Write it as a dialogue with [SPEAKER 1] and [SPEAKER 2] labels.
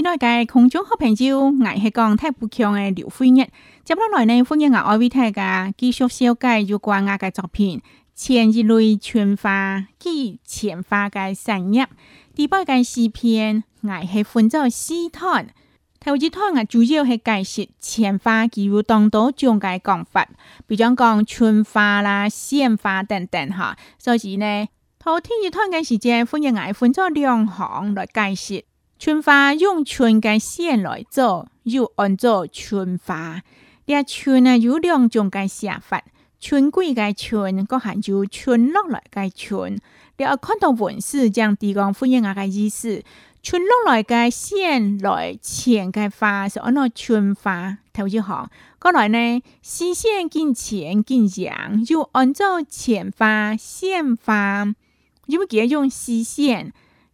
[SPEAKER 1] 今下個空中好朋友，𠊎 係講大埔腔嘅劉惠月，接落來呢，歡迎 𠊎 愛為大家繼續講解有關 𠊎 嘅作品。纏一蕊春花記纏花嘅散葉，第八個詩篇，𠊎 係分作四段。頭一段啊，主要係解釋纏花，例如當多種嘅講法，比如講春花啦、鮮花等等哈。所以呢，頭天一段嘅時節，歡迎 𠊎 係分作兩行來解釋。春花用伸個線來做，又安做伸花，列春呢有兩種嘅寫法。春季嘅春，個喊做伸落來嘅伸。你、這、要、個、看到文字將地方複印下嘅意思。伸落來嘅線來纏嘅花，是安做伸花頭就好。過來呢，絲線緊纏緊縈，又安做纏花線花，又不記得用絲線。